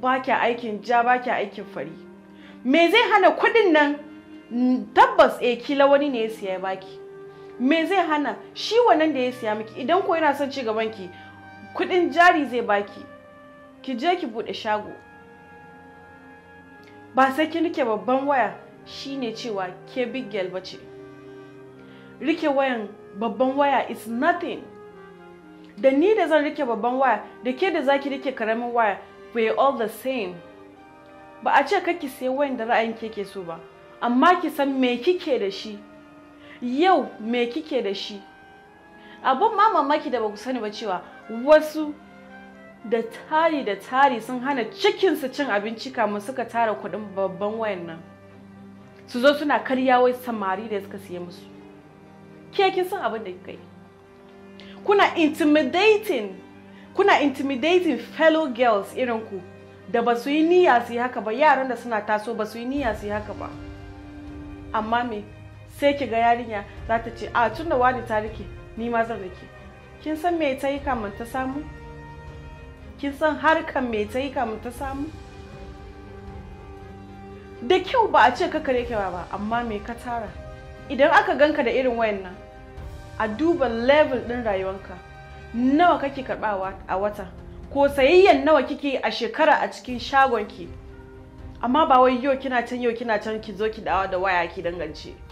ba kya aikin ja ba kya aikin fari me zai hana kuɗin nan mm, tabbas eh kila wani ne ya siya baki me zai hana shi wannan da ya siya miki idan ko yana son ci gaban ki kuɗin jari zai baki ki je ki buɗe shago ba sai ki rike babban waya shine cewa ke big girl bace rike wayan babban waya is nothing da ni da zan rike babban waya da ke da zaki rike karamin waya we are all the same ba a ce kake sai wanda ra'ayin ke so ba amma ki san me kike da shi yau me kike da shi abun ma mamaki da ba ku sani ba cewa wasu da tari da tari sun hana cikinsu cin abinci kamun suka tara kuɗin babban wayan nan su zo suna karya wai samari da suka siya musu ke kin san abin da kai kuna intimidating kuna intimidating fellow girls irin ku da ba su yi niyya su yi haka ba yaran da suna taso ba su yi niyya su yi haka ba amma me sai ki ga yarinya za ta ce a ah, tun da wani ta rike ni ma zan rike kin san me ta yi kamun ta samu kin san harkan me ta yi kamun ta samu da kyau ba a ce ka kare kewa ba amma me ka tara idan aka ganka da irin wayannan a duba level din rayuwanka nawa kake karbawa a wata ko sayayyan nawa kike a shekara a cikin shagonki amma ba wai yau kina can yau kina can ki zo ki dawo da waya ki dangance